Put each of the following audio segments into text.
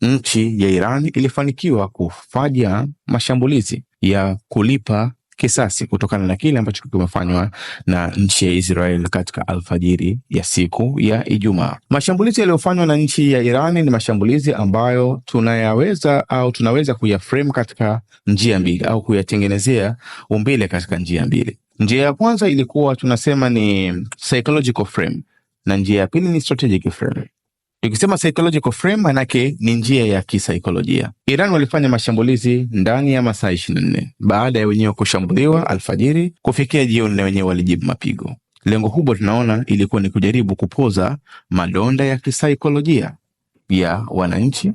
nchi ya Iran ilifanikiwa kufanya mashambulizi ya kulipa kisasi kutokana na kile ambacho kimefanywa na nchi ya Israel katika alfajiri ya siku ya Ijumaa. Mashambulizi yaliyofanywa na nchi ya Iran ni mashambulizi ambayo tunayaweza au tunaweza kuyaframe katika njia mbili au kuyatengenezea umbile katika njia mbili. Njia ya kwanza ilikuwa tunasema ni psychological frame na njia ya pili ni strategic frame. Tukisema psychological frame, manake ni njia ya kisaikolojia. Iran walifanya mashambulizi ndani ya masaa 24 baada ya wenyewe kushambuliwa alfajiri, kufikia jioni na wenyewe walijibu mapigo. Lengo kubwa tunaona ilikuwa ni kujaribu kupoza madonda ya kisaikolojia ya wananchi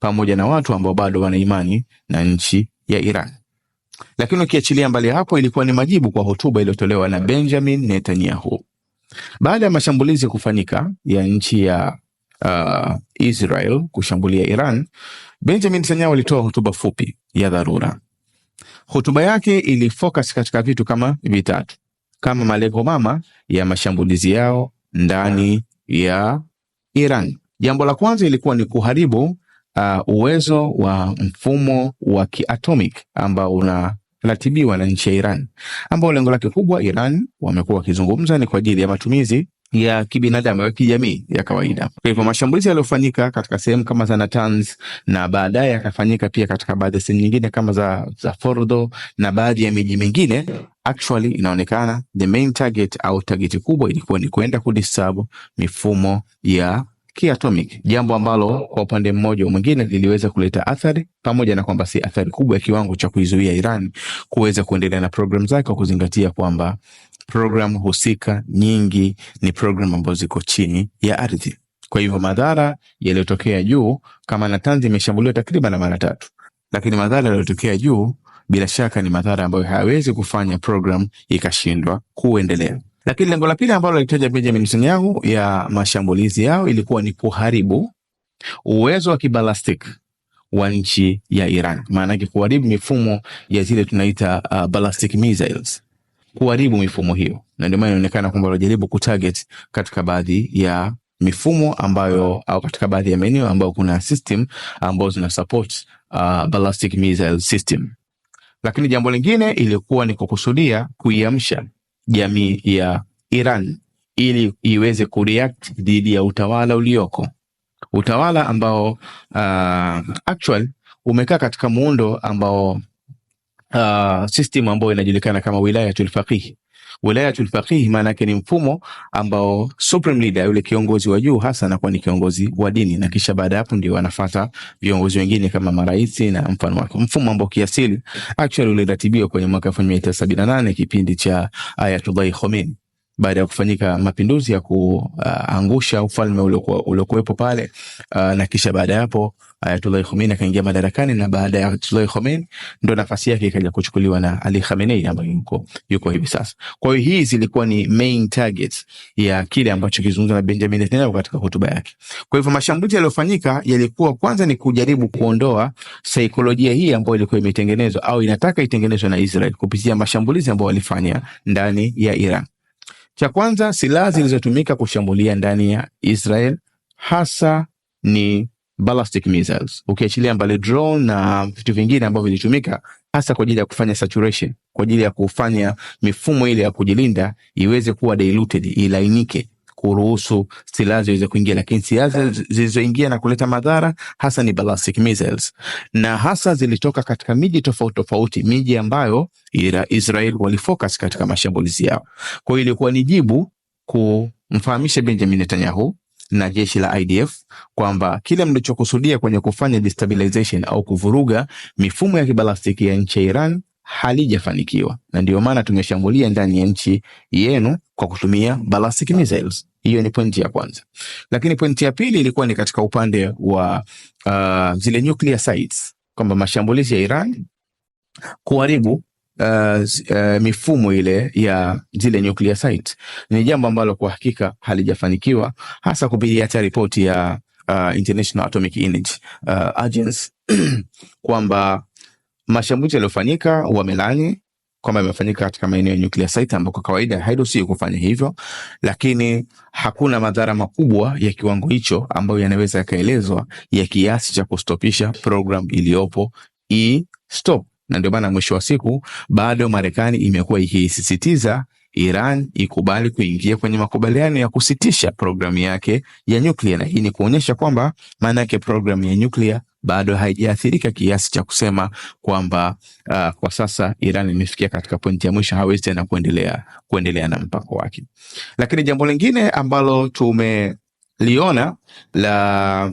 pamoja na watu ambao bado wana imani na nchi ya Iran. Lakini ukiachilia mbali hapo, ilikuwa ni majibu kwa hotuba iliyotolewa na Benjamin Netanyahu baada ya mashambulizi kufanyika ya nchi ya uh, Israel kushambulia Iran, Benjamin Netanyahu alitoa hotuba fupi ya dharura. Hotuba yake ilifocus katika vitu kama vitatu, kama malengo mama ya mashambulizi yao ndani ya Iran. Jambo la kwanza ilikuwa ni kuharibu uh, uwezo wa mfumo wa kiatomic ambao una ratibiwa na nchi ya Iran ambao lengo lake kubwa Iran wamekuwa wakizungumza ni kwa ajili ya matumizi ya kibinadamu ya kijamii ya kawaida. Kwa hivyo mashambulizi yaliyofanyika katika sehemu kama za Natanz na baadaye yakafanyika pia katika baadhi ya sehemu nyingine kama za, za Fordo na baadhi ya miji mingine actually inaonekana the main target au target kubwa ilikuwa ni kwenda kudisturb mifumo ya kiatomic, jambo ambalo kwa upande mmoja au mwingine liliweza kuleta athari, pamoja na kwamba si athari kubwa ya kiwango cha kuizuia Iran kuweza kuendelea na program zake, kwa kuzingatia kwamba program husika nyingi ni program ambazo ziko chini ya ardhi. Kwa hivyo madhara yaliyotokea juu, kama Natanz imeshambuliwa takriban mara tatu, lakini madhara yaliyotokea juu bila shaka ni madhara ambayo hayawezi kufanya program ikashindwa kuendelea. Lakini lengo la pili ambalo alitaja Benjamin Netanyahu ya mashambulizi yao ilikuwa ni kuharibu uwezo wa kibalastik wa nchi ya Iran, maanake kuharibu mifumo ya zile tunaita uh, ballistic missiles kuharibu mifumo hiyo, na ndio maana inaonekana kwamba wanajaribu kutarget katika baadhi ya mifumo ambayo au katika baadhi ya maeneo ambayo kuna system ambazo zina support uh, ballistic missile system. Lakini jambo lingine ilikuwa ni kukusudia kuiamsha jamii ya Iran ili iweze kureact dhidi ya utawala ulioko, utawala ambao uh, actual umekaa katika muundo ambao uh, system ambayo inajulikana kama wilayatul faqih. Wilayatul faqih maana yake ni mfumo ambao supreme leader, yule kiongozi wa juu hasa, anakuwa ni kiongozi wa dini, na kisha baada hapo ndio wanafuata viongozi wengine kama marais na mfano wake, mfumo ambao kiasili actually uliratibiwa kwenye mwaka 1978 kipindi cha Ayatollah Khomeini baada ya kufanyika mapinduzi ya kuangusha uh, ufalme uliokuwepo pale, uh, na kisha baada ya hapo Ayatullah ah, Khomeini akaingia madarakani, na baada ya Ayatullah Khomeini ndo nafasi yake ikaja kuchukuliwa na Ali Khamenei ambaye yuko yuko hivi sasa. Kwa hiyo hii zilikuwa ni main targets ya kile ambacho kizungumza na Benjamin Netanyahu katika hotuba yake. Kwa hivyo mashambulizi yaliyofanyika yalikuwa kwanza ni kujaribu kuondoa saikolojia hii ambayo ilikuwa imetengenezwa au inataka itengenezwe na Israel kupitia mashambulizi ambayo walifanya ndani ya Iran. Cha kwanza, silaha zilizotumika kushambulia ndani ya Israel hasa ni ballistic missiles, ukiachilia mbali drone na vitu vingine ambavyo vilitumika hasa kwa ajili ya kufanya saturation, kwa ajili ya kufanya mifumo ile ya kujilinda iweze kuwa diluted, ilainike kuruhusu silaha ziweze kuingia, lakini silaha zilizoingia na kuleta madhara hasa ni ballistic missiles, na hasa zilitoka katika miji tofauti tofauti, miji ambayo Israel walifocus katika mashambulizi yao. Kwa hiyo ilikuwa ni jibu kumfahamisha Benjamin Netanyahu na jeshi la IDF kwamba kile mlichokusudia kwenye kufanya destabilization au kuvuruga mifumo ya kibalastiki ya nchi ya Iran halijafanikiwa, na ndiyo maana tumeshambulia ndani ya nchi yenu kwa kutumia ballistic missiles. Hiyo ni pointi ya kwanza, lakini pointi ya pili ilikuwa ni katika upande wa uh, zile nuclear sites, kwamba mashambulizi ya Iran kuharibu Uh, uh, mifumo ile ya zile nuclear ni jambo ambalo kwa hakika halijafanikiwa, hasa kupitia hata ripoti ya uh, International Atomic Energy uh, Agency kwamba Mashambulizi yaliyofanyika wamelani kwamba yamefanyika katika maeneo ya nuclear site ambako kawaida hairuhusiwi kufanya hivyo, lakini hakuna madhara makubwa ya kiwango hicho ambayo yanaweza yakaelezwa ya kiasi cha kustopisha program iliyopo i-stop. Na ndio maana mwisho wa siku bado Marekani imekuwa ikiisisitiza Iran ikubali kuingia kwenye makubaliano ya kusitisha programu yake ya nyuklia, na hii ni kuonyesha kwamba maana yake programu ya nyuklia bado haijaathirika kiasi cha kusema kwamba uh, kwa sasa Iran imefikia katika pointi ya mwisho, hawezi tena kuendelea kuendelea na mpako wake. Lakini jambo lingine ambalo tumeliona la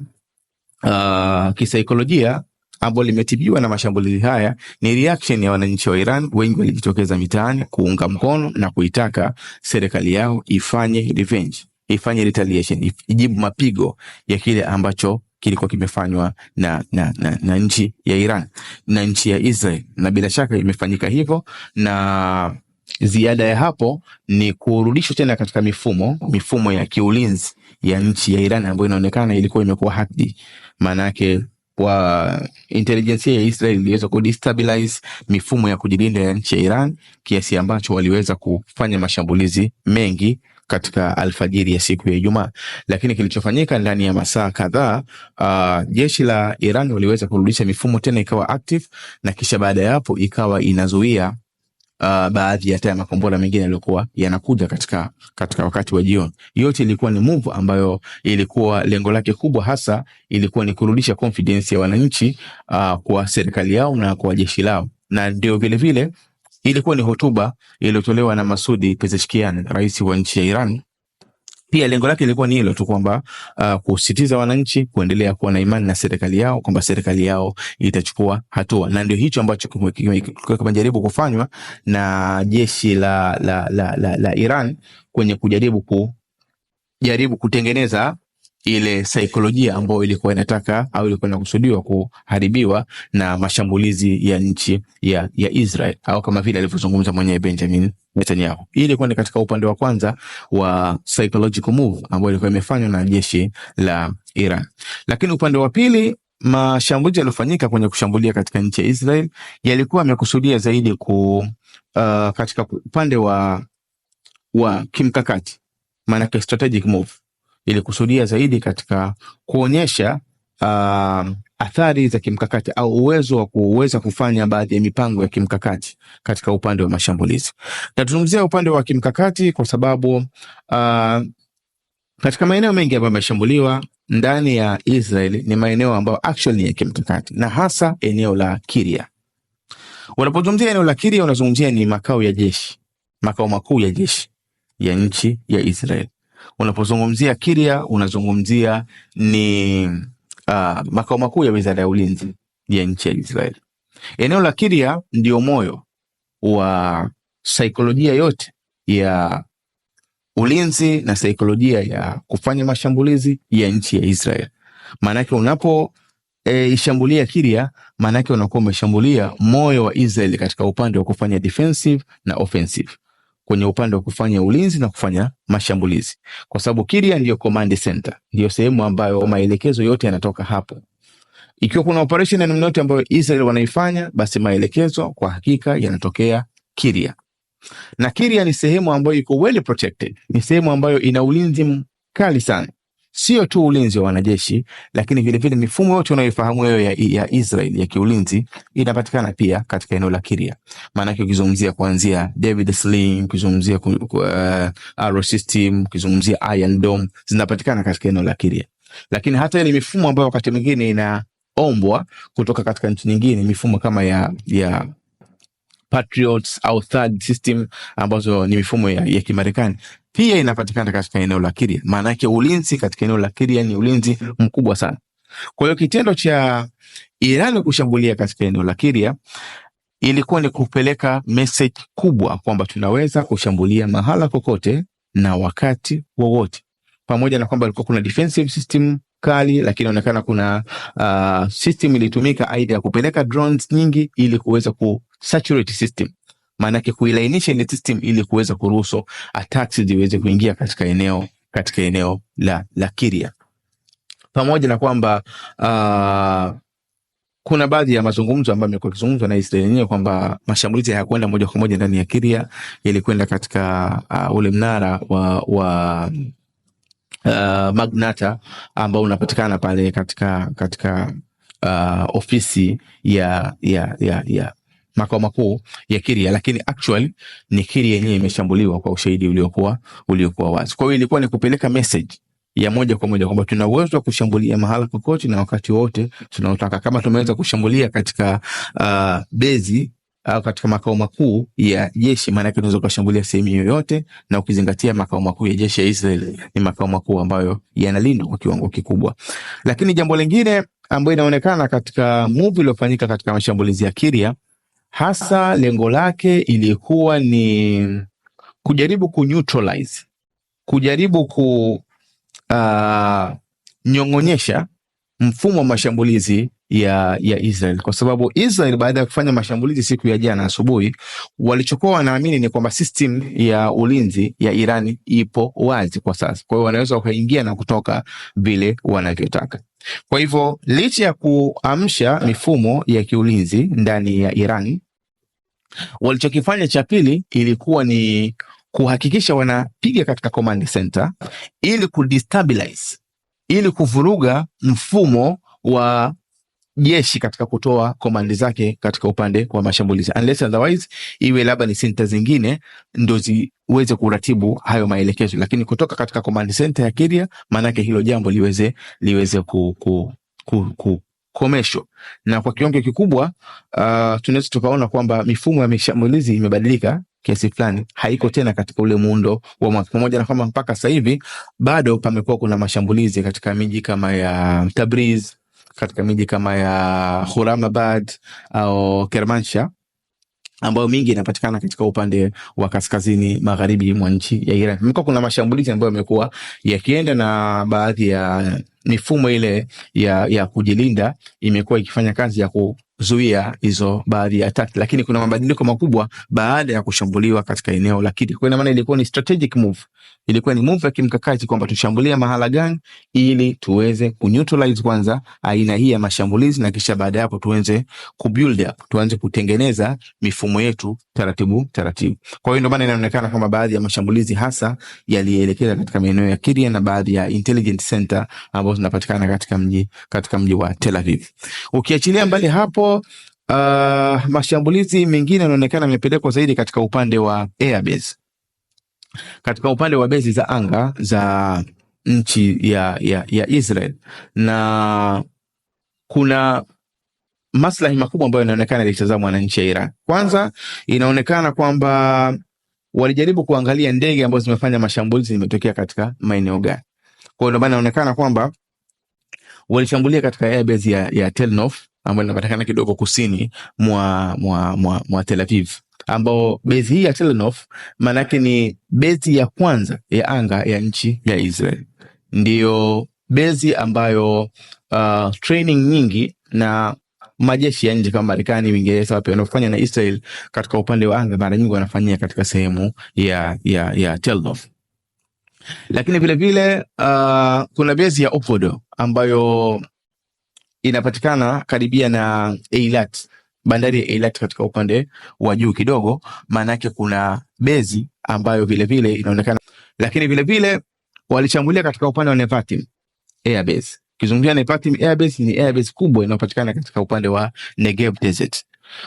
uh, kisaikolojia ambao limetibiwa na mashambulizi haya ni reaction ya wananchi wa Iran. Wengi walijitokeza mitaani kuunga mkono na kuitaka serikali yao ifanye revenge, ifanye retaliation, ijibu mapigo ya kile ambacho kilikuwa kimefanywa na, na, na, na nchi ya Iran na nchi ya Israel, na bila shaka imefanyika hivyo na ziada ya hapo ni kurudishwa tena katika mifumo mifumo ya kiulinzi ya nchi ya Iran ambayo inaonekana ilikuwa imekuwa hadi maanake kwa intelijensia ya Israel iliweza kudestabilize mifumo ya kujilinda ya nchi ya Iran kiasi ambacho waliweza kufanya mashambulizi mengi katika alfajiri ya siku ya Ijumaa, lakini kilichofanyika ndani ya masaa kadhaa, uh, jeshi la Iran waliweza kurudisha mifumo tena ikawa active, na kisha baada ya hapo ikawa inazuia Uh, baadhi ya taya makombora mengine yaliyokuwa yanakuja katika, katika wakati wa jioni. Yote ilikuwa ni move ambayo ilikuwa lengo lake kubwa hasa ilikuwa ni kurudisha confidence ya wananchi uh, kwa serikali yao na kwa jeshi lao na ndio vilevile Ilikuwa ni hotuba iliyotolewa na Masudi Pezeshkian, rais wa nchi ya Iran. Pia lengo lake lilikuwa ni hilo tu kwamba uh, kusisitiza wananchi kuendelea kuwa na imani na serikali yao kwamba serikali yao itachukua hatua, na ndio hicho ambacho kimejaribu kufanywa na jeshi la, la, la, la, la Iran kwenye kujaribu ku, jaribu kutengeneza ile saikolojia ambayo ilikuwa inataka au ilikuwa inakusudiwa kuharibiwa na mashambulizi ya nchi ya, ya Israel au kama vile alivyozungumza mwenyewe Benjamin Netanyahu. Hii ilikuwa ni katika upande wa kwanza wa psychological move ambayo ilikuwa imefanywa na jeshi la Iran, lakini upande wa pili mashambulizi yaliyofanyika kwenye kushambulia katika nchi ya Israel yalikuwa yamekusudia zaidi ku, uh, katika upande wa, wa kimkakati maanake strategic move ilikusudia zaidi katika kuonyesha uh, athari za kimkakati au uwezo wa kuweza kufanya baadhi ya mipango ya kimkakati katika upande wa mashambulizi. Na upande wa kimkakati kwa sababu uh, katika maeneo mengi ambayo yameshambuliwa ndani ya Israel ni maeneo ambayo actually ni ya kimkakati na hasa eneo la Kiria. Unapozungumzia eneo la Kiria unazungumzia ni makao ya jeshi, makao makuu ya jeshi ya nchi ya Israel. Unapozungumzia Kiria unazungumzia ni uh, makao makuu ya wizara ya ulinzi ya nchi ya Israeli. Eneo la Kiria ndio moyo wa saikolojia yote ya ulinzi na saikolojia ya kufanya mashambulizi ya nchi ya Israel. Maanake unapo e, ishambulia Kiria, maanake unakuwa umeshambulia moyo wa Israel katika upande wa kufanya defensive na offensive kwenye upande wa kufanya ulinzi na kufanya mashambulizi, kwa sababu Kiria ndiyo command center, ndiyo sehemu ambayo maelekezo yote yanatoka hapo. Ikiwa kuna operation ya namna yote ambayo Israel wanaifanya, basi maelekezo kwa hakika yanatokea Kiria, na Kiria ni sehemu ambayo iko well protected, ni sehemu ambayo ina ulinzi mkali sana sio tu ulinzi wa wanajeshi, lakini vilevile mifumo yote unayoifahamu wewe ya, ya Israel ya kiulinzi inapatikana pia katika eneo la Kiria. Maanake ukizungumzia kuanzia David Sling, ukizungumzia uh, Arrow System, ukizungumzia Iron Dome zinapatikana katika eneo la Kiria, lakini hata ile mifumo ambayo wakati mwingine inaombwa kutoka katika nchi nyingine, mifumo kama ya, ya Patriots au third system ambazo ni mifumo ya, ya Kimarekani pia inapatikana katika eneo la Kiria. Maana yake ulinzi katika eneo la Kiria ni ulinzi mkubwa sana. Kwa hiyo kitendo cha iran kushambulia katika eneo la Kiria ilikuwa ni kupeleka message kubwa kwamba tunaweza kushambulia mahala kokote na wakati wowote, pamoja na kwamba ilikuwa kuna defensive system kali lakini inaonekana kuna uh, system ilitumika aidha ya kupeleka drones nyingi ili kuweza ku, saturate system, maana yake kuilainisha ile system ili kuweza kuruhusu attacks ziweze kuingia katika eneo katika eneo la la Kiria, pamoja na kwamba uh, kuna baadhi ya mazungumzo ambayo yamekuwa yakizungumzwa na Israeli yenyewe kwamba mashambulizi hayakwenda moja kwa moja ndani ya Kiria, yalikwenda katika uh, ule mnara wa, wa uh, Magnata ambao unapatikana pale katika katika uh, ofisi ya ya ya, ya makao makuu ya Kiria, lakini actually ni Kiria yenyewe imeshambuliwa kwa ushahidi uliokuwa uliokuwa wazi. Kwa hiyo ilikuwa ni kupeleka message ya moja kwa moja kwamba tuna uwezo wa kushambulia mahala kokote na wakati wote tunaotaka, kama tumeweza kushambulia katika uh, bezi au katika makao makuu ya jeshi, maana yake tunaweza kushambulia sehemu yoyote, na ukizingatia makao makuu ya jeshi ya Israel ni makao makuu ambayo yanalindwa kwa kiwango kikubwa. Lakini jambo lingine ambayo inaonekana katika movie iliyofanyika katika mashambulizi ya Kiria hasa lengo lake ilikuwa ni kujaribu kuneutralize, kujaribu kunyong'onyesha ah, uh, mfumo wa mashambulizi ya, ya Israel kwa sababu Israel baada ya kufanya mashambulizi siku ya jana asubuhi, walichokuwa wanaamini ni kwamba system ya ulinzi ya iran ipo wazi kwa sasa, kwa hiyo wanaweza wakaingia na kutoka vile wanavyotaka. Kwa hivyo licha ya kuamsha mifumo ya kiulinzi ndani ya iran walichokifanya cha pili ilikuwa ni kuhakikisha wanapiga katika command center ili kudestabilize, ili kuvuruga mfumo wa jeshi katika kutoa komandi zake katika upande wa mashambulizi, unless otherwise iwe labda ni senta zingine ndo ziweze kuratibu hayo maelekezo, lakini kutoka katika komandi senta ya Kiria, maanake hilo jambo liweze liweze ku, ku, ku, ku komesho na kwa kiwango kikubwa uh, tunaweza tukaona kwamba mifumo ya mashambulizi imebadilika kiasi fulani, haiko tena katika ule muundo wa mwanzo, pamoja na kwamba mpaka sasa hivi bado pamekuwa kuna mashambulizi katika miji kama ya Tabriz katika miji kama ya Huramabad au Kermansha ambayo mingi inapatikana katika upande wa kaskazini magharibi mwa nchi ya Iran. Mko kuna mashambulizi ambayo yamekuwa yakienda na baadhi ya mifumo ile ya, ya kujilinda imekuwa ikifanya kazi ya kuzuia hizo baadhi ya attack, lakini kuna mabadiliko makubwa baada ya kushambuliwa katika eneo la Kidi. Kwa maana ilikuwa ni strategic move, ilikuwa ni move ya kimkakati kwamba tushambulia mahala gani ili tuweze kuneutralize kwanza aina hii ya mashambulizi, na kisha baada yapo tuweze kubuild up, tuanze kutengeneza mifumo yetu taratibu taratibu. Kwa hiyo ndio maana inaonekana kama baadhi ya mashambulizi hasa yalielekeza katika maeneo ya Kiria na baadhi ya intelligence center ambapo ambazo zinapatikana katika mji katika mji wa Tel Aviv. Ukiachilia mbali hapo uh, mashambulizi mengine yanaonekana yamepelekwa zaidi katika upande wa airbase, katika upande wa bezi za anga za nchi ya, ya, ya Israel na kuna maslahi makubwa ambayo yanaonekana yalitazamwa na nchi ya Iran. Kwanza, inaonekana kwamba walijaribu kuangalia ndege ambazo zimefanya mashambulizi zimetokea katika maeneo gani. Kwa hiyo ndio maana inaonekana kwamba walishambulia katika airbase ya, ya Telnof ambayo inapatikana kidogo kusini mwa, mwa, mwa, mwa Tel Aviv ambao bezi hii ya Telenof maanake ni bezi ya kwanza ya anga ya nchi ya Israel. Ndiyo bezi ambayo uh, training nyingi na majeshi ya nje kama Marekani, Uingereza wapi wanaofanya na Israel katika upande wa anga mara nyingi wanafanyia katika sehemu ya, ya, ya Telenof. Lakini vilevile uh, kuna bezi ya Opodo ambayo inapatikana karibia na Eilat, bandari ya Eilat katika upande wa juu kidogo, maanake kuna bezi ambayo vilevile vile inaonekana. Lakini vilevile walichambulia katika upande wa Nevatim airbase. Ukizungumzia Nevatim airbase, ni airbase kubwa inayopatikana katika upande wa Negev Desert.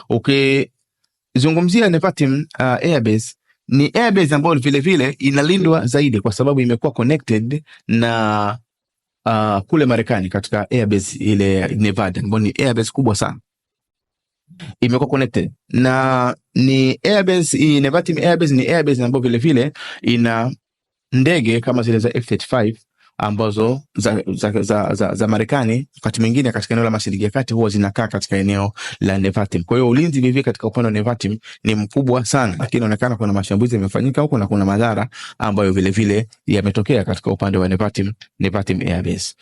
Ukizungumzia Nevatim uh, airbase ni airbase ambayo vile inalindwa zaidi kwa sababu imekuwa connected na uh, kule Marekani katika airbase ile Nevada ambayo ni airbase kubwa sana imekuwa connected na ni airbase, Nevatim airbase ni airbase ambayo vile ina ndege kama zile za F35 ambazo za, za, za, za, za Marekani wakati mwingine katika eneo la mashariki ya kati huwa zinakaa katika eneo la Nevatim. Kwa hiyo ulinzi vivyo katika upande wa Nevatim ni mkubwa sana, lakini inaonekana kuna mashambulizi yamefanyika huko na kuna madhara ambayo vilevile yametokea katika upande wa Nevatim, Nevatim Airbase.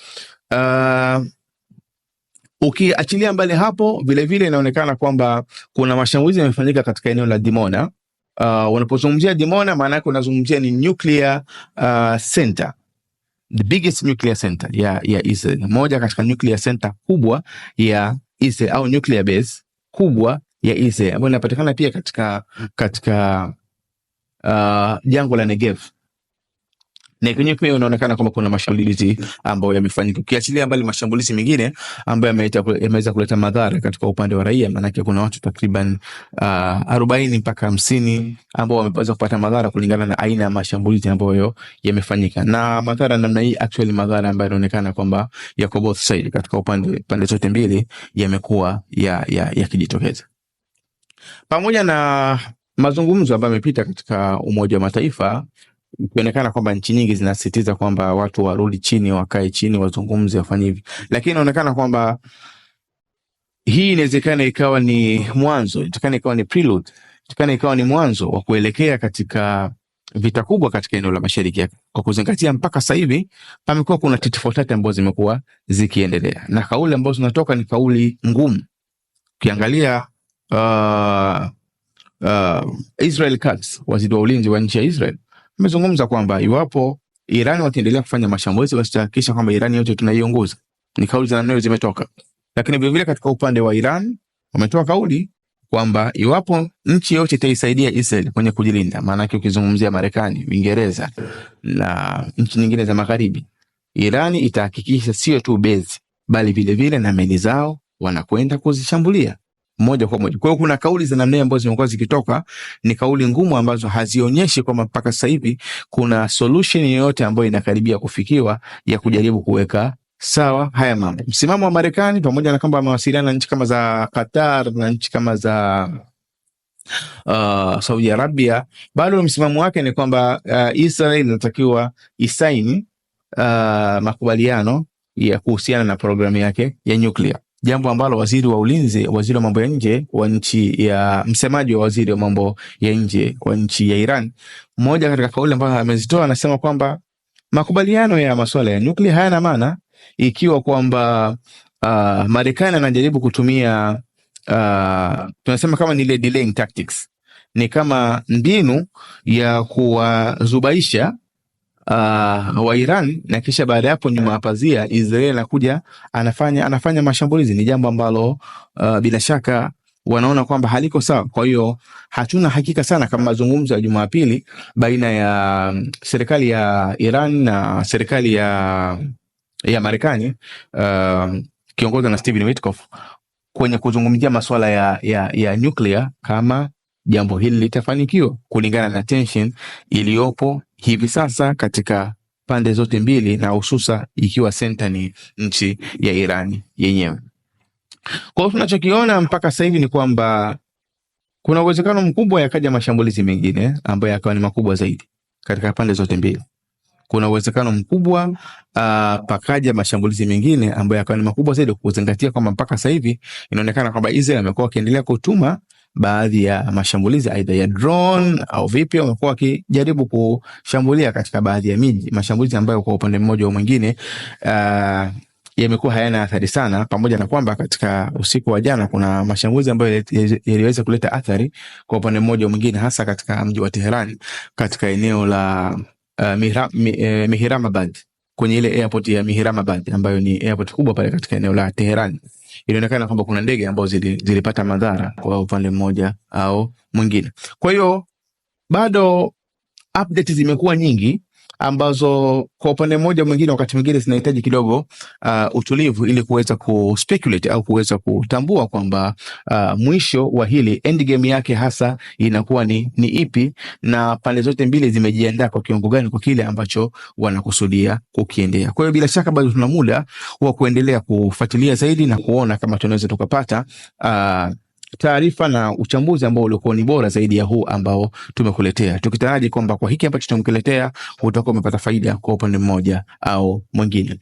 Uh, ah, ukiachilia mbali hapo, vilevile inaonekana kwamba kuna mashambulizi yamefanyika katika eneo la Dimona. Uh, unapozungumzia Dimona maana yake unazungumzia ni nuclear uh, center the biggest nuclear center ya, ya Israel, moja katika nuclear center kubwa ya Israel au nuclear base kubwa ya Israel ambayo inapatikana pia katika katika uh, jangwa la Negev na kwenyewe pia unaonekana kama kuna mashambulizi ambayo yamefanyika, ukiachilia mbali mashambulizi mengine ambayo yameweza kuleta madhara katika upande wa raia. Maanake kuna watu takriban uh, arobaini mpaka hamsini ambao wameweza kupata madhara kulingana na aina ya mashambulizi ambayo yamefanyika, na madhara namna hii, actually madhara ambayo yanaonekana kwamba yako both side, katika upande pande zote mbili yamekuwa ya, ya, ya kijitokeza pamoja na mazungumzo ambayo yamepita katika Umoja wa Mataifa ikionekana kwamba nchi nyingi zinasisitiza kwamba watu warudi chini, wakae chini, wazungumze, wafanye hivi, lakini inaonekana kwamba hii inawezekana ikawa ni mwanzo, inawezekana ikawa ni prelude, inawezekana ikawa ni mwanzo wa kuelekea katika vita kubwa katika eneo la Mashariki, ya kwa kuzingatia mpaka sasa hivi pamekuwa kuna titifotate ambazo zimekuwa zikiendelea na kauli ambazo zinatoka ni kauli ngumu. Ukiangalia uh, uh, Israel Katz, waziri wa ulinzi wa nchi ya Israel amezungumza kwamba iwapo Iran wataendelea kufanya mashambulizi basi tutahakikisha kwamba Iran yote tunaiongoza. Ni kauli za namna zimetoka, lakini vile vile katika upande wa Iran wametoa kauli kwamba iwapo nchi yote itaisaidia Israel kwenye kujilinda, maana yake ukizungumzia Marekani, Uingereza na nchi nyingine za Magharibi, Iran itahakikisha sio tu bezi, bali vile vile na meli zao wanakwenda kuzishambulia moja kwa moja. Kwa hiyo kuna kauli za namna ambazo zimekuwa zikitoka, ni kauli ngumu ambazo hazionyeshi kwamba mpaka sasa hivi kuna solution yoyote ambayo inakaribia kufikiwa ya kujaribu kuweka sawa haya mambo. Msimamo wa Marekani pamoja na kwamba amewasiliana na nchi kama za Qatar na nchi kama za Uh, Saudi Arabia bado msimamo wake ni kwamba uh, Israel inatakiwa isaini uh, makubaliano ya kuhusiana na programu yake ya nyuklia jambo ambalo waziri wa ulinzi, waziri wa mambo ya nje wa nchi ya msemaji wa waziri wa mambo ya nje wa nchi ya Iran, mmoja katika kauli ambazo amezitoa anasema kwamba makubaliano ya masuala ya nyuklia hayana maana ikiwa kwamba uh, Marekani anajaribu kutumia uh, tunasema kama ni delaying tactics, ni kama mbinu ya kuwazubaisha uh, wa Iran na kisha baada hapo nyuma ya pazia Israel anakuja anafanya, anafanya mashambulizi. Ni jambo ambalo uh, bila shaka wanaona kwamba haliko sawa. Kwa hiyo hatuna hakika sana kama mazungumzo ya Jumapili baina ya um, serikali ya Iran na serikali ya, ya Marekani uh, kiongozwa na Steven Witkoff kwenye kuzungumzia masuala ya, ya, ya nuclear kama jambo hili litafanikiwa kulingana na tension iliyopo hivi sasa katika pande zote mbili na hususa ikiwa senta ni nchi ya Irani yenyewe. Kwa hiyo tunachokiona mpaka sasa hivi ni kwamba kuna uwezekano mkubwa yakaja mashambulizi mengine ambayo yakawa ni makubwa zaidi katika pande zote mbili. Kuna uwezekano mkubwa uh, pakaja mashambulizi mengine ambayo yakawa ni makubwa zaidi, kuzingatia kwamba mpaka sasa hivi inaonekana kwamba Israel amekuwa akiendelea kutuma baadhi ya mashambulizi aidha ya drone au vipi, wamekuwa wakijaribu kushambulia katika baadhi ya miji, mashambulizi ambayo kwa upande mmoja au mwingine uh, yamekuwa hayana athari sana, pamoja na kwamba katika usiku wa jana kuna mashambulizi ambayo yaliweza kuleta athari kwa upande mmoja mwingine, hasa katika mji wa Teheran, katika eneo la uh, Mihram, eh, Mihramabad kwenye ile airport ya Mihramabad ambayo ni airport kubwa pale katika eneo la Teheran ilionekana kwamba kuna ndege ambazo zilipata madhara kwa upande mmoja au mwingine. Kwa hiyo bado update zimekuwa nyingi ambazo kwa upande mmoja mwingine, wakati mwingine zinahitaji kidogo uh, utulivu ili kuweza ku au kuweza kutambua kwamba uh, mwisho wa hili endgame yake hasa inakuwa ni, ni ipi na pande zote mbili zimejiandaa kwa kiwango gani kwa kile ambacho wanakusudia kukiendea. Kwa hiyo bila shaka bado tuna muda wa kuendelea kufuatilia zaidi na kuona kama tunaweza tukapata uh, taarifa na uchambuzi ambao ulikuwa ni bora zaidi ya huu ambao tumekuletea, tukitaraji kwamba kwa hiki ambacho tumekuletea utakuwa umepata faida kwa upande mmoja au mwingine.